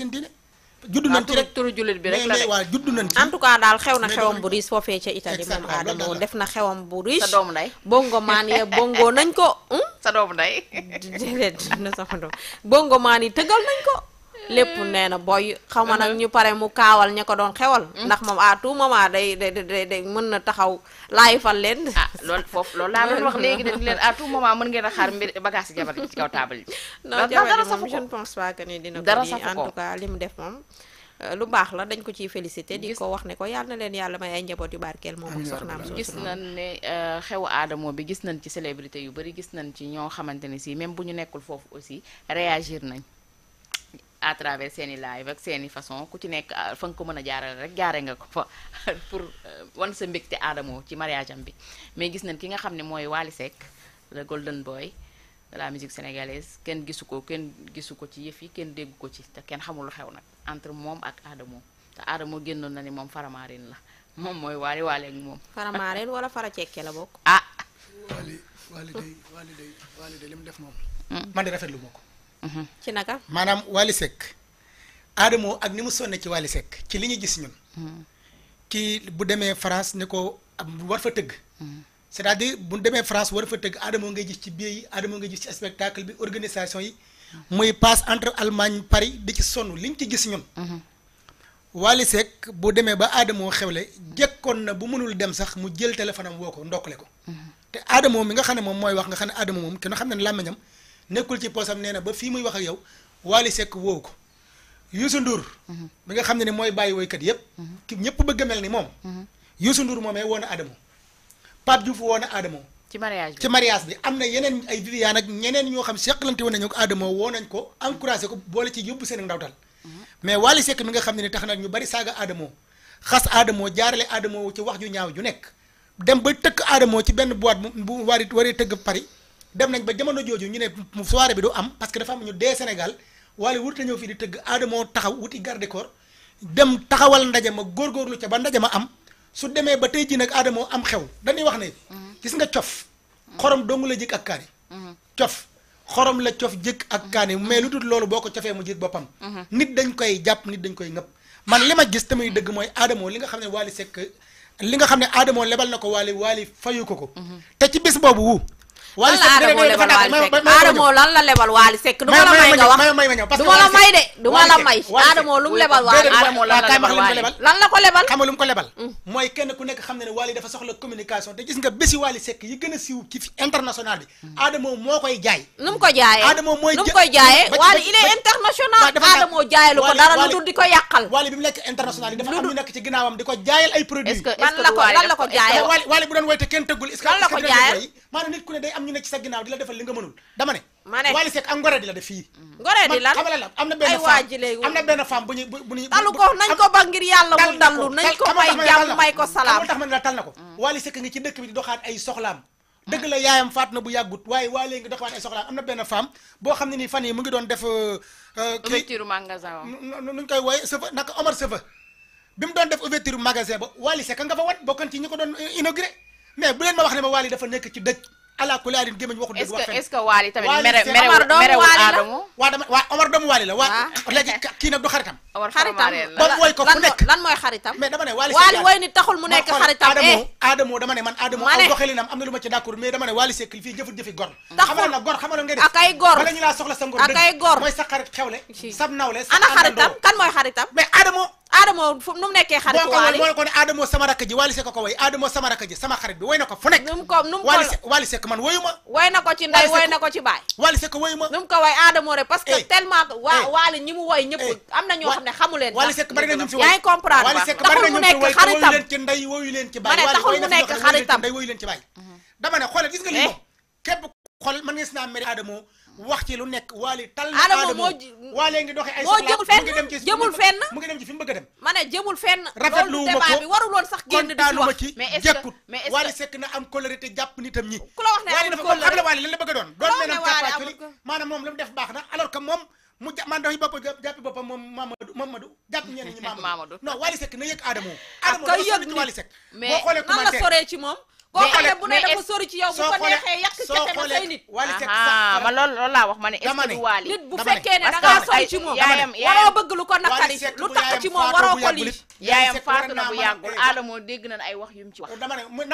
seen diine judd nañ bi rek la rek waaw nañ en tout cas daal xew na xewam bu riis foofee ca Italie moom Adamo def na xewam bu riis sa doomu ndey bongo maan ya bongo nañ ko sa doomu ndey na sa bongo maan yi tëggal nañ ko lépp nee na boy xaw ma nag uh-huh. ñu pare mu kaawal ña ko doon xewal uh-huh. ndax moom à tout moment day day day mën na taxaw laay fal leen lool ah, loolu foofu loolu laa doon wax léegi dañ leen a tout moment mën ngeen a xaar mbir bagage jabar ci kaw taabal yi non dara safu ko pense dina ko en tout cas mu def moom euh, lu baax la dañ ko ciy félicité di ko wax ne ko yàlla na leen yàlla may ay njaboot yu barkeel moom ak soxnaam soosu gis nañ ne euh, xewu aadamo bi gis nañ ci célébrité yu bari gis nañ ci ñoo xamante ne si même bu ñu nekkul foofu aussi réagir nañ à travers seen i live ak seeni façon ku ci nekk ah, fa nga ko mën a jaarale rek jaare nga ko fa pour euh, wan sa mbégte aadamoo ci mariage bi mais gis nañ ki nga xam ne mooy Wally Seck le golden boy de la musique sénégalaise kenn gisu ko kenn gisu ko ci yëf yi kenn déggu ko ci te kenn xamul xew nag entre moom ak aadamoo te aadamoo génnoon na ni moom faramaareen la moom mooy waali waale ak moom. faramaareen wala fara cekke la bokk. ah. waali def moom. Mm. man ko. ci naka. maanaam Wally Seck Adamo ak ni mu sonne ci Wally Seck ci li ñu gis ñun. Hmm. kii bu demee France ni ko war fa tëgg. Hmm. c'est-à-dire bu demee France war fa tëgg Adamo ngay gis ci biir yi Adamo ngay gis ci spectacle bi organisation yi. Hmm. muy passe entre Allemagne Paris di ci sonn ñu ci gis ñun. Wally Seck bu demee ba Adamo xewle jekkoon na bu mënul dem sax mu jël téléphone am woo ko ndokkale ko. te Adamo mi nga xam ne moom mooy wax nga xam ne Adamo moom kenn xam ne làmmiñam nekkul ci poosam nee na ba fii muy wax ak yow Wally Seck woowu ko Youssou Ndour bi nga xam ne ne mooy bàyyi woykat yëpp ki ñëpp bëgg mel ni moom Youssou Ndour moomee woon a Adamo Pape Diouf woon a ci mariage bi ci mariage bi am na yeneen ay Viviane ak ñeneen ñoo xam seqalante woon nañu ko Adamo woo nañ ko encouragé ko boole ci yóbbu seen ndawtal mais Wally Seck mi nga xam ne ne tax na ñu bari saaga Adamo xas Adamo jaarale Adamo ci wax ju ñaaw ju nekk dem ba tëkk Adamo ci benn boîte bu bu wari waree tëgg Paris dem nañ ba jamono jooju ñu ne soirée bi du am parce que dafa am ñu dee Sénégal wala wurta ñëw fii di tëgg aada moo taxaw wuti garde corps dem taxawal ndaje ma góorgóorlu ca ba ndaje ma am su demee ba tey jii nag aada am xew dañuy wax ne. gis nga cof. xorom dong la jëkk ak kaani. cof xorom la cof jëkk ak kaani mais lu dul loolu boo ko cofee mu jëkk boppam. nit dañ koy jàpp nit dañ koy ngëpp. man li ma gis tamit dëgg mooy aadamoo li nga xam ne Wally Seck li nga xam ne aadamoo lebal na ko Wally Wally fayu ko ko. Mhm. te ci bis boobu wu. wali Adamo lan la lebal Wally Seck du ma la may nga wax du ma la may de du ma la may Adamo lu mu lebal Wally Adamo lan la lebal lan la ko lebal xam nga lu mu ko lebal mm. mooy kenn ku nekk xam ne ne Wally dafa soxla communication te gis nga bési Wally Seck yi gën a siiw ci fi international bi mm. Adamo moo koy jaay nu mu ko jaayee Adamo mooy nu mu koy jaayee Wally il est international Adamo jaayalu ko dara lu dul di ko yàqal Wally bi mu nekk international yi dafa am ñu nekk ci ginnaawam di ko jaayal ay produits lan la ko lan la ko jaayee Wally bu doon woyte kenn tëggul est-ce que lan la ko jaayal maanaam nit ku ne day am ñu ne ci sa ginnaaw di la defal li nga mënul dama ne ma ne a Seck la def fii ngore la am am na benn femme bu ñu talu ko nañ ko ba ngir yàlla mu dallu nañ ko may faat na bu yàggut waaye waa léegi doxaat ay am na benn femme boo xam ne nii fan yi mu ngi doon def euh, euh, ouverture magasin nuñ koy wooye sëfa naka Omar sëfa bi mu doon def ouverture magasin ba Wally Seck nga fa wat bokkan ci ñi ko doon euh, inauguré mais bu leen ma wax ne ma Wally dafa nekk ci dëj ala ku laarin gémmañ waxul dëgg wax est-ce que Wally tamit mere la waa ah. kii nag du xaritam xaritam boobu woy ko ku nekk lan mooy xaritam mais dama ne Wally Wally woy ni taxul mu nekk xaritam Adamo eh. Adamo dama ne man Adamo aw doxalinam am na lu ma ci d'accord mais dama ne Wally Seck fii jëfut jëfi gor xamal la gor xamal nga def akay gor wala ñu laa soxla sa ngor dëgg akay gor mooy sa xarit xewle sab nawle ana xaritam kan mooy xaritam mais Adamo Adamo fu nu mu nekkee xaritu ko way Adamo sama rakk ji sama xarit bi way na ko fu nekk nu mu ko nu ko Wally Seck man wayu ma ko ci ko ci baay Wally Seck wayu ma nu ko way Adamo rek parce que eh, tellement waa eh, Wally ñi mu way eh, am na ñoo xam leen mm-hmm. dama ne xoolal gis nga lii moom képp man ngeen naa mere Adamo wax ci lu nekk waali tal na aadama waalee ngi doxee ay soxla mu ngi fenn mu ngi dem mu bëgg a dem ma ne jëmul fenn rafetlu ma ko bi warul woon sax génn di wax ma ci jekkut waali sekk na am colorité jàpp nitam ñi ku la wax ne waali dafa xam doon doon moom lu mu def baax na alors que moom man doxi bopp jàppi boppam moom Mamadou Mamadou jàpp ñenn ñi Mamadou non waali sekk na yëg aadama aadama dafa sori ci waali sekk boo xoolee commentaire nan la soree ci moom koo xam ne bu ne dafa sori ci yow bu ko neexee yàq kese ba say nit ma loolu loolu laa wax ma ne est-ce que waali nit bu fekkee ne da ngaa sori ci moom waroo bëgg lu ko naqari lu tax ci moom waroo ko lii yaayam faatu na bu yàggul aadamoo dégg na ay wax yum ci wax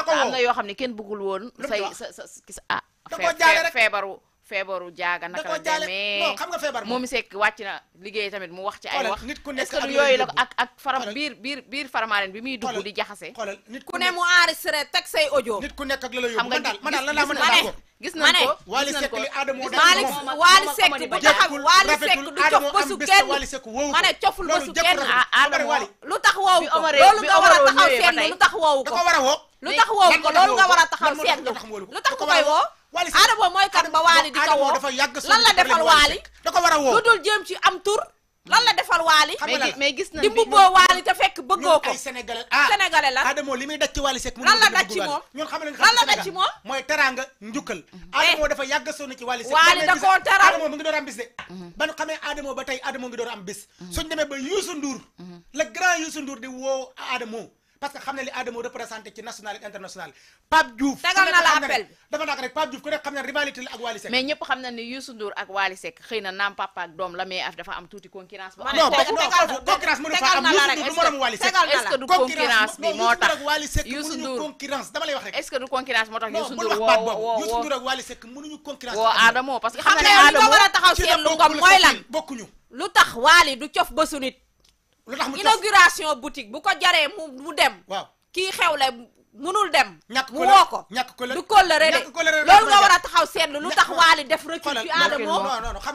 am na yoo xam ne kenn bëggul woon say sa sa sa ah feebaru feebaru jaaga naka la demee xam nga feebar moom sekk wàcc na liggéey tamit mu wax ci ay wax nit ku nekk est ak ak faram biir biir biir faramaaren bi muy dugg di jaxase xoolal nit ku ne mu enregistré teg say audio nit ku nekk ak la la yóbbu man ba man daal la laa mën a d'accord gis nañ ko Wally Seck li Adamo Wally ah, lu tax woowu ko loolu nga war a taxaw seetlu lu tax woowu ko loolu nga war a taxaw seetlu lu tax ko waali Adamo mooy kan ba waali di ko woo dafa yàgg lan la defal waali war a woo lu am tur lan la defal waali mais gis na di mbubboo waali te fekk bëggoo ko ay sénégalais ah sénégalais la daj ci waali sekk lan la daj ci moom ñun xam nañ lan la daj ci moom mooy teraanga njukkal mm-hmm. Adamo dafa yàgg sonn ci waali sekk waali da koo teral Adamo mu ngi door am bis de mm-hmm. ba ñu xamee Adamo ba tey Adamo ngi door am bis mm-hmm. suñ demee ba Youssou Ndour le grand Youssou Ndour di woo Adamo parce que xam na li Adamo représenté ci national ak international Pape xam na rivalité la am tuuti concurrence bu non concurrence mënu fa am Youssou parce que xam nga ne Adamo war a taxaw seetlu ko mooy lan bokkuñu lu tax Wally du cof bësu nit lu tax mu inauguration boutique bu ko jaree mu mu dem. waaw kii xew la munul dem. ñàkk mu woo ko ñàkk ko du kóllëre de loolu nga war a taxaw seetlu lu tax Wally def recul ci Adamo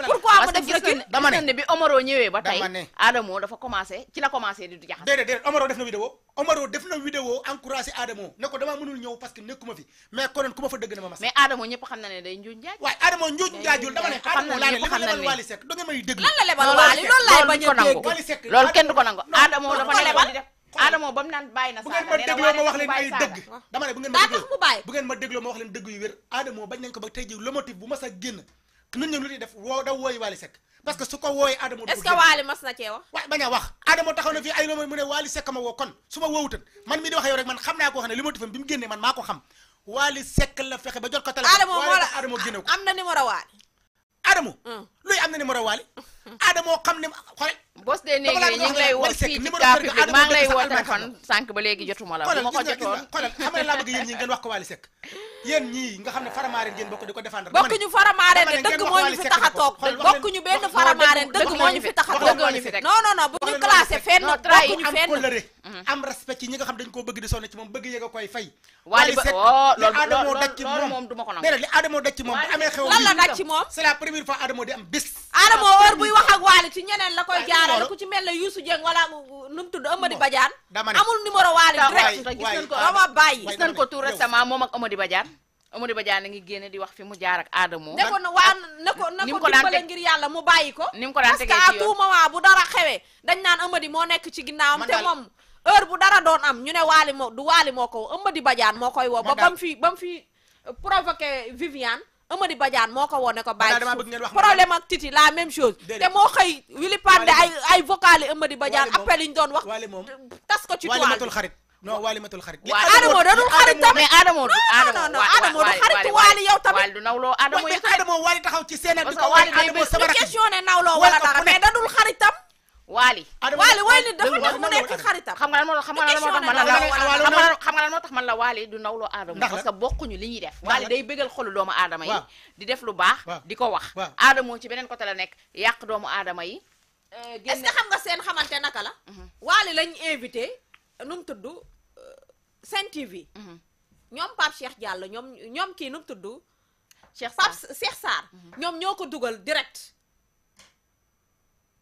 pourquoi mu def recul dama ne bi Omaro ñëwee ba tey def na vidéo Omaro def na vidéo encouragé Adamo ne ko parce que nekkuma fi mais konoon ku ma fa dëgg na ma mas mais Adamo ñëpp xam na ne day njuuj njaaj waaye lebal Wally Seck do nga may déglu lan la a dégg du ko nangu Adamo dafa lebal Adamo ba mu naan bàyyi na saaga bu ngeen ma dégloo ma wax bu ngeen ma dégloo mu ma wax leen dëgg yu wér Adamo bañ nañ ko ba tey ji bu mas a génn nun ñu lu ñuy def da wooyu Wally Seck parce que su ko wooyee Adamo est-ce que na cee a ma woo kon su ma woowutan man mii di wax yow rek man xam naa koo xam ne lomotifam mu génnee man maa xam Wally Seck la fexe ba jot ko téléphone Adamo génne ko am na numéro Wally Adamo mm. luy am na numéro Wally Adama xam ne xool. bos de néeg yooyu ñu xam nga wax ko Wally Seck yéen nga xam ne faramaareen ngeen bokk di ko défendre de dëgg moo ñu fi tax toog bokkuñu benn bu ñu classé fenn bokkuñu fenn am respect ñi nga xam dañ koo bëgg di sonn ci moom bëgg yëg koy fay Wally li Adamo daj moom nee la daj moom c'est la première fois Adamo di am bis Adamo heure buy wax ak Waly ci ñeneen la koy jaarale ku ci mel ne Youssou Dieng wala nu mu tudd Amady Badiane amul numéro Waly direct gis nañ ko ama bàyyi gis nañ ko tout récemment moom amadi Amady Badiane Amady Badiane ngi génne di wax fi mu jaar ak Adamo ne na ko na ko dimbale ngir yàlla mu bàyyi ko ni mu ko daan tegee parce que à tout moment bu dara xewee dañ naan moo nekk ci ginnaawam te moom heure bu dara doon am ñu ne Waly moo du Waly moo ko Amady bajaan moo koy woo ba ba mu fi ba mu fi provoqué Viviane Amady Badiane moo ko woon ne ko problème ak Titi la même chose te moo xëy Willy Pandé ay ay vocal yi Amady Badiane appel yi ñu doon wax tas ko ci toile matul xarit non waali matul xarit Adamo dadul xarit tam mais Adamo du Adamo Adamo du xarit waali yow tamit waali du nawloo taxaw ci seen bi ko waali day question waali waali way nit dafa neex mu nekk xaritam xam nga lan moo xam nga lan moo tax man la xam nga lan moo tax man la waali du nawloo aadama parce que bokkuñu li ñuy def waali day bégal xolu doomu aadama yi di def lu baax di ko wax aadamoo ci beneen côté la nekk yàq doomu aadama yi euh, est-ce que xam nga seen xamante naka la mhm. waali lañ invité nu mu tudd euh, Sen TV mhm. ñoom Pape Cheikh Diallo ñoom ñoom kii nu mu tudd Cheikh Cheikh Sarr mhm. ñoom ñoo ko dugal direct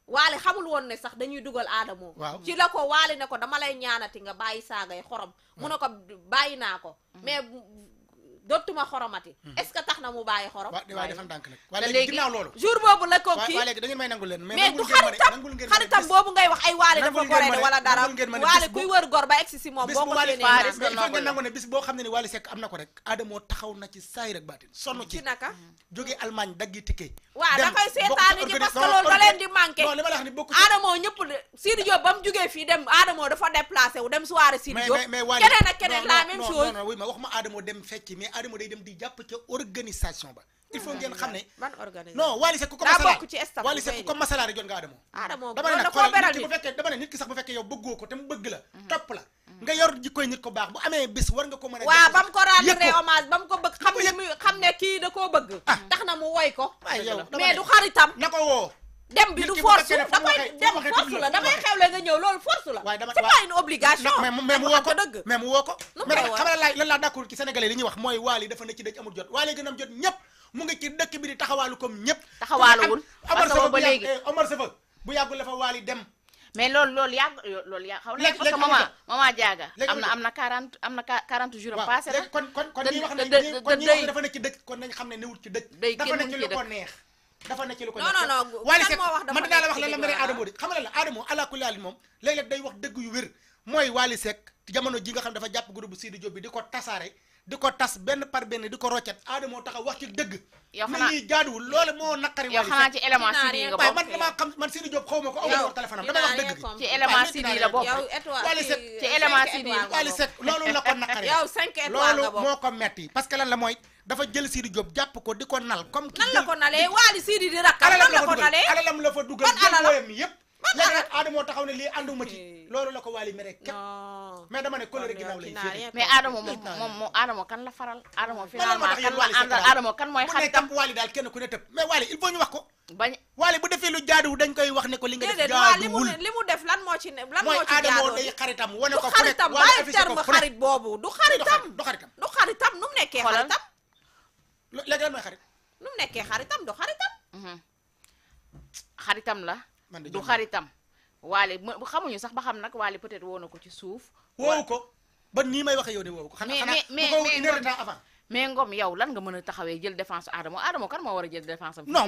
waale xamul woon ne sax dañuy dugal aadamoo waaw ci la ko waale ne ko dama lay ñaanati nga bàyyi saagay xorom mu ne ko bàyyi naa ko mm-hmm. mais dootuma xoromati. Mhm. est-ce tax na mu bàyyi xorom. waaye dafa ndànk nag. waaye léegi ginnaaw loolu jour da ngeen may mais du xaritam xaritam boobu ngay ay waale dafa goree ne dara waale kuy wër gor ba egsi si moom boo ko séenee naan nangu ne bis boo xam ne ni waale sekk am na ko rek Adamo taxaw na ci saayir ak baatin sonn ci naka jóge Allemagne daggi tikke waaw da seetaani ji parce loolu da leen di Adamo ñëpp Sidi Diop ba mu jógee fii dem Adamo dafa déplacé wu dem soirée Sidi keneen ak keneen la même chose wax ma Adamo dem fecc Adama day dem di jàpp ca organisation ba. il faut ngeen xam ne ban organisation non Wally Seck ku ko masala ko masala rek jot nga Adamo dama ne nag ne nit ki sax bu fekkee yow bëggoo ko te mu bëgg la mm-hmm. topp la nga yor jikkoy nit ko baax bu amee bis war nga ko mën a waaw ba mu ko rendre hommage ba mu ko bëgg xam ne kii da koo bëgg ah. tax na mu woy ko ah, mais du xaritam na ko woo dem bi du force da koy dem nga ñëw loolu force la. waaye dama c'est obligation. mais mu woo ko mais mu woo ko. nu mu koy wax mais xam lan laa d'accord ci sénégalais li ñuy wax mooy waali dafa ne ci dëj amul jot waali gën am jot ñëpp mu ngi ci di taxawaalu comme ñëpp. taxawaaluwul parce que ba léegi eh, Omar Sefa bu waali dem. mais loolu loolu yàgg loolu yàgg xaw na parce que maman maman Diaga am na am na 40 am na 40 ah. kon kon kon ñi wax ne kon neex dafa nekk ci lu ko. non non non Wally Seck man la wax lan la mere Adamo di xam nga la Adamo ala moom léeg-léeg day wax dëgg yu wér mooy Wally Seck jamono ji nga xam dafa jàpp groupe Sidi Diop bi di ko tasaare di ko tas benn par benn di ko roccet aadamoo taxaw wax ci dëgg. yoo xanaa li ñuy jaaduwul loolu moo naqari. yoo xanaa man damaa xam xaw ma ko aw ma wax la bokk Wally Seck ci élément Sidi la moo ko metti parce que lan la mooy. dafa jël Sidi Diop jàpp ko di ko nal comme. nan la ko nalee Wally Sidi di rakkal nan la fa dugal alalam yëpp léegi nag Adama moo taxaw ne lii ànduma ci eh. loolu la ko Wally mere képp mais dama ne coloré ginnaaw lay féete mais Adama moom moom moom Adama kan la faral Adama finalement kan la àndal Adama mooy xaritam Wally daal il faut ñu wax ko bañ Wally bu defee lu jaaduwul dañ koy wax ne ko li nga def jaaduwul li mu def lan moo ci ne lan moo ci jaadu mooy Adama day xaritam wane ko xaritam bàyyi terme xarit boobu du xaritam du xaritam du xaritam nu mu nekkee xaritam léegi lan mooy xarit nu mu nekkee xaritam du xaritam mhm. xaritam la du xaritam waale xamuñu sax ba xam nag waale peut-être ko ci suuf woowu ko ba nii may waxe yow ne ko xam nga xanaa avant mais Ngom yow lan nga mën a taxawee jël défense Adamo Adamo kan moo war a jël défense am a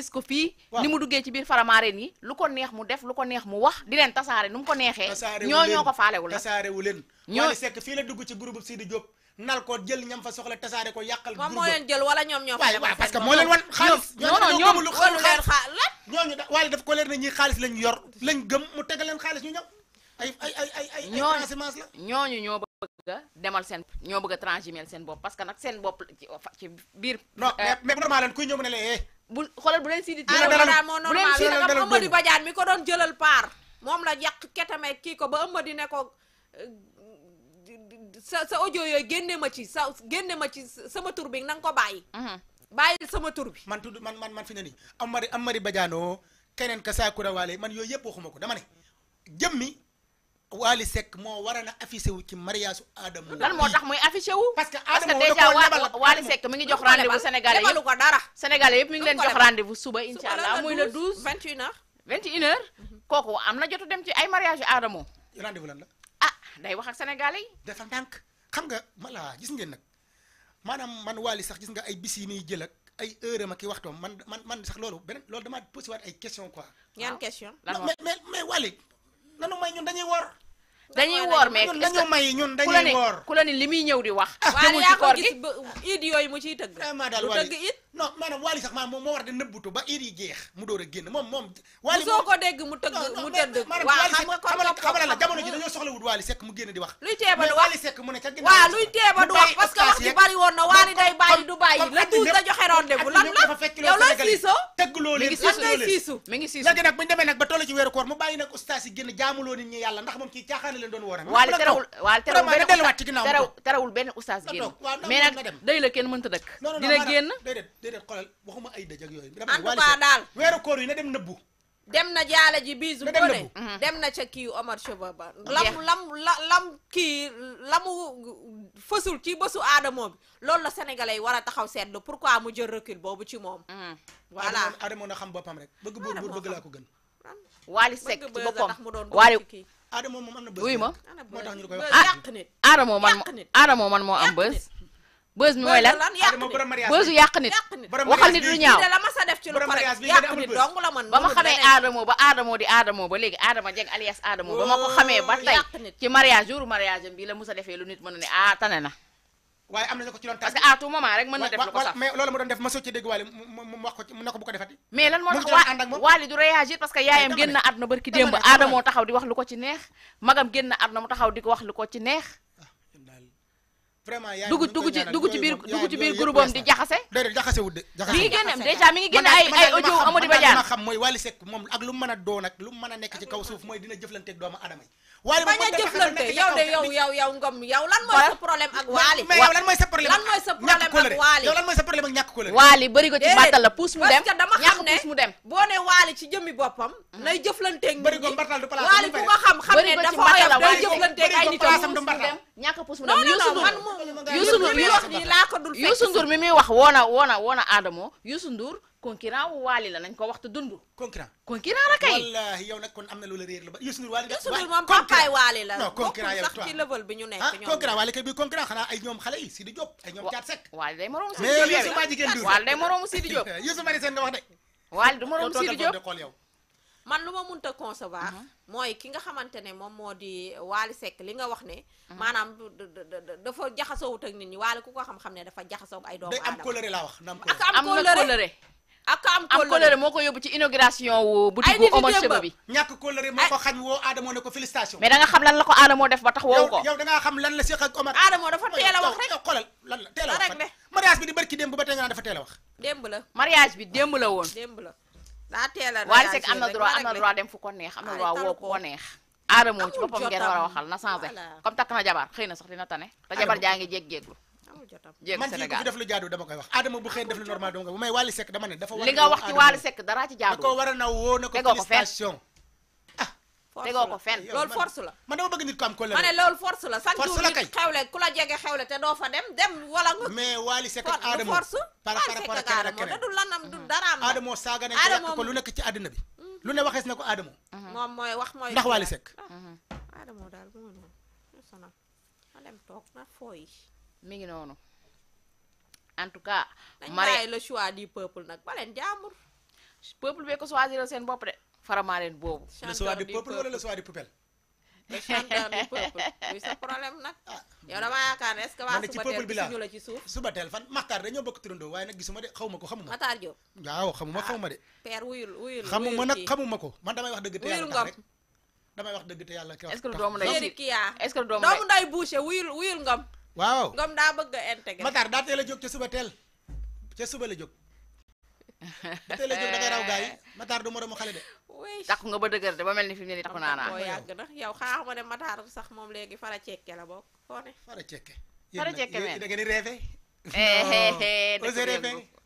a fii ni mu ci biir faramaareen di leen nal ko jël ñam fa soxla tasaare ko yàqal. moom moo leen jël wala ñoom ñoo. waaw waaw parce que moo leen wan. xaalis ñoom ñoo xaalis ñooñu da waaye daf ko leer ne xaalis lañ yor lañ gëm mu tegal leen xaalis ñu ñëw. ay ay ñoo bëgg demal seen ñoo bëgg a transhumel seen bopp parce que nag seen bopp ci biir. non euh, mais normal leen kuy ñëw mu ne la eh. bu xoolal bu leen siy di. dara moo normal bu ko doon moom la yàq ketame kii ko ba di ne ko sa sa audio yooyu génne ma ci sa génne ma ci sama tur bi na ko bàyyi. Mhm. bàyyi sama tur bi. man tudd man man man fi ne nii Amary Amary Badiano keneen ka Saakura Waale man yooyu yëpp waxuma ko dama ne jëmmi Waly Seck moo war a na affiché wu ci mariage Adamo. lan moo tax muy affiché wu. parce que Adamo da koo lebal parce que déjà Waly Seck mi ngi jox rendez-vous Sénégalais yëpp ko dara. Sénégalais yëpp mi ngi leen jox rendez-vous suba incha allah muy le 12 21h. 21h kooku am na jotu dem ci ay mariage Adamo. rendez-vous lan la. day wax ak sénégalais yi. dafa ndànk xam nga mala gis ngeen nag maanaam man Wally sax gis nga ay bis yi muy jël ak ay heure am ak i waxtoom man man man sax loolu beneen loolu dama posé waat ay question quoi. ñaan question lan mais mais mais Wally nanu may ñun dañuy wor. dañuy woor mais ñun dañu may ñun dañuy ni li muy ñëw di wax. ah yaa ko gis iid yooyu mu ciy tëgg. vraiment daal wali tëgg iid. non maanaam wali sax maanaam iid yi mu door tëgg mu tëdd. waaw la jamono mu génn di ba toll ci weeru koor mu bàyyi nag ustaas yi génn jaamuloo nit ñi yàlla ndax moom ci caaxaan Wally leen doon woo rek. Wally terewul Wally terewul benn delluwaat ci ginnaaw terewul terewul benn oustaz génn mais nag kenn mënta dëkk dina génn déedéet déedéet xoolal daal weeru koor yi na dem nëbbu dem na jaale ji biisu bu ko mhm. dem na ca kii Omar ba lam lam la lam kii lamu fësul ci bësu aadamoo bi loolu la sénégalais yi war a taxaw seetlu pourquoi mu jël recul boobu ci moom mhm. voilà aadamoo na xam boppam rek bëgg buur buur bëgg ko gën ci boppam Adamo moom am na bës. wuy ma moo tax ñu koy wax ah, Adamo man Adamo man moo am bës. bës mi mooy lan bësu yàq nit. waxal nit lu ñaaw. ba ma xamee Adamo ba Adamo di Adamo ba léegi Adama jeg alias Adamo ba ma xamee ba tey ci mariage jour mariage bii la Moussa defee lu nit mën a ne ah, tane na. waaye am nañu ko ci doon tas parce que à tout moment rek mën na def lu ko sax mais loolu mu doon def ma sotti dégg Wally mu wax ko ci na ko mais lan moo tax waa Wally de mi mi ngi génn ay ay audio Amady Badiane ma xam mooy Wally moom ak lu mën a doon ak lu mën a nekk ci kaw suuf mooy dina jëflanteeg doomu aadama yi waali bañ a jëflante yow de yow yow yow ngom yow lan ci mbattal la puus mu dem parce que dama xam ne puus mu dem boo ne waali ci jëmmi boppam mm. nay jëflanteeg nit ñi waali ku ko xam xam ne dafa oyof day jëflanteeg ay nit puus mu dem ñàkk puus mu dem Youssou Ndour man moom Youssou Ndour mi wax nii laa ko dul Youssou Ndour mi muy wax woona woona woona Adamo Youssou Ndour concurrent wu la nañ ko waxtu dund. concurrent concurrent la kay. wallaahi yow nag kon am na loola réer la ba Youssou Ndour Waly. la. non concurrent yow sax ci level bi ñu nekk. Ah, ñoom concurrent Waly kay bi concurrent xanaa ay ñoom xale yi Sidi Diop ay ñoom Thiat Seck. Waly day moroomu Sidi Diop mais man lu ma munta concevoir mhm. mooy ki nga xamante ne moom moo di Waly Seck li nga wax ne mhm. maanaam dafa jaxasoowut ak nit ñi Waly ku ko xam-xam ne dafa jaxasoo ay doomu aadama day am colère laa wax na am colère ak am kóllëre moo ko yóbbu ci inauguration wu boutique bu Omar Cheba bi ñàkk kóllëre moo ko xañ woo Adamo ne ko félicitation mais da xam lan la ko Adamo def ba tax woowu ko da nga xam a a mariage bi di la mariage bi démb la woon démb la daa a Wally Seck am na droit am na droit dem fu ko neex am na droit woo ko neex Adamo ci boppam ngeen war a waxal na changé comme takk na jabar xëy na sax dina tane te jabar jaa ngi jéeg-jéeglu jéeg man fii ku fi def lu jaadu dama koy wax Adama bu xëy def lu normal dama koy bu may Wally Seck dama a ah. la man dama bëgg nit ko am kóllëre ma ne loolu la chaque jour nit xewle ku la jege xewle te doo fa dem dem wala nga mais Wally Seck ak Adama force par rapport ak Adama da du mhm. mhm. mhm. moom mooy wax mooy ndax Wally Seck ah. Adama daal bu ma noonu ma dem toog na fooyi mi ngi ne noonu en tout cas. Marème dañ le choix du peuple nag ba leen jaamur. peuple bee ko choisir seen bopp de. faramaa leen boobu. le choix du peuple wala le choix du poubelle. le chanteur du peuple muy sa problème nag. Ah. yow damaa yaakaar ne est-ce que waa la ci suuf suba teel fan Makhtar dañoo bokk turandoo waaye nag gisuma de xawma ko xamuma. Makhtar Diop waaw xamuma ah, xawma de. père wuyul wuyul xamuma ko man damay wax dëgg te yàlla tax rek wax dëgg yàlla. est-ce que doomu nday est-ce que doomu nday boucher wuyul wuyul ngom waaw ngom daa bëgg a intégré Matar daa teel jóg ca suba teel ca suba la jóg ba teel jóg da raw gaa yi Matar du moromu xale de takku nga ba dëgër de ba mel ni fi mu ne nii takku naa yàgg na yow xaax ma ne Matar sax moom léegi fara cekke la bokk foo ne fara cekke fara cekke meen da eh, eh, eh, ngeen di